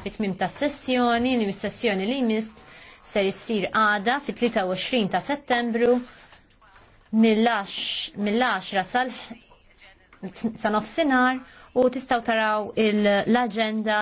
fit-tmim ta' sessjoni, li mis-sessjoni li mis ser issir għada fit-23 ta' settembru mill-10 sal sa nofsinhar u tistgħu taraw l-aġenda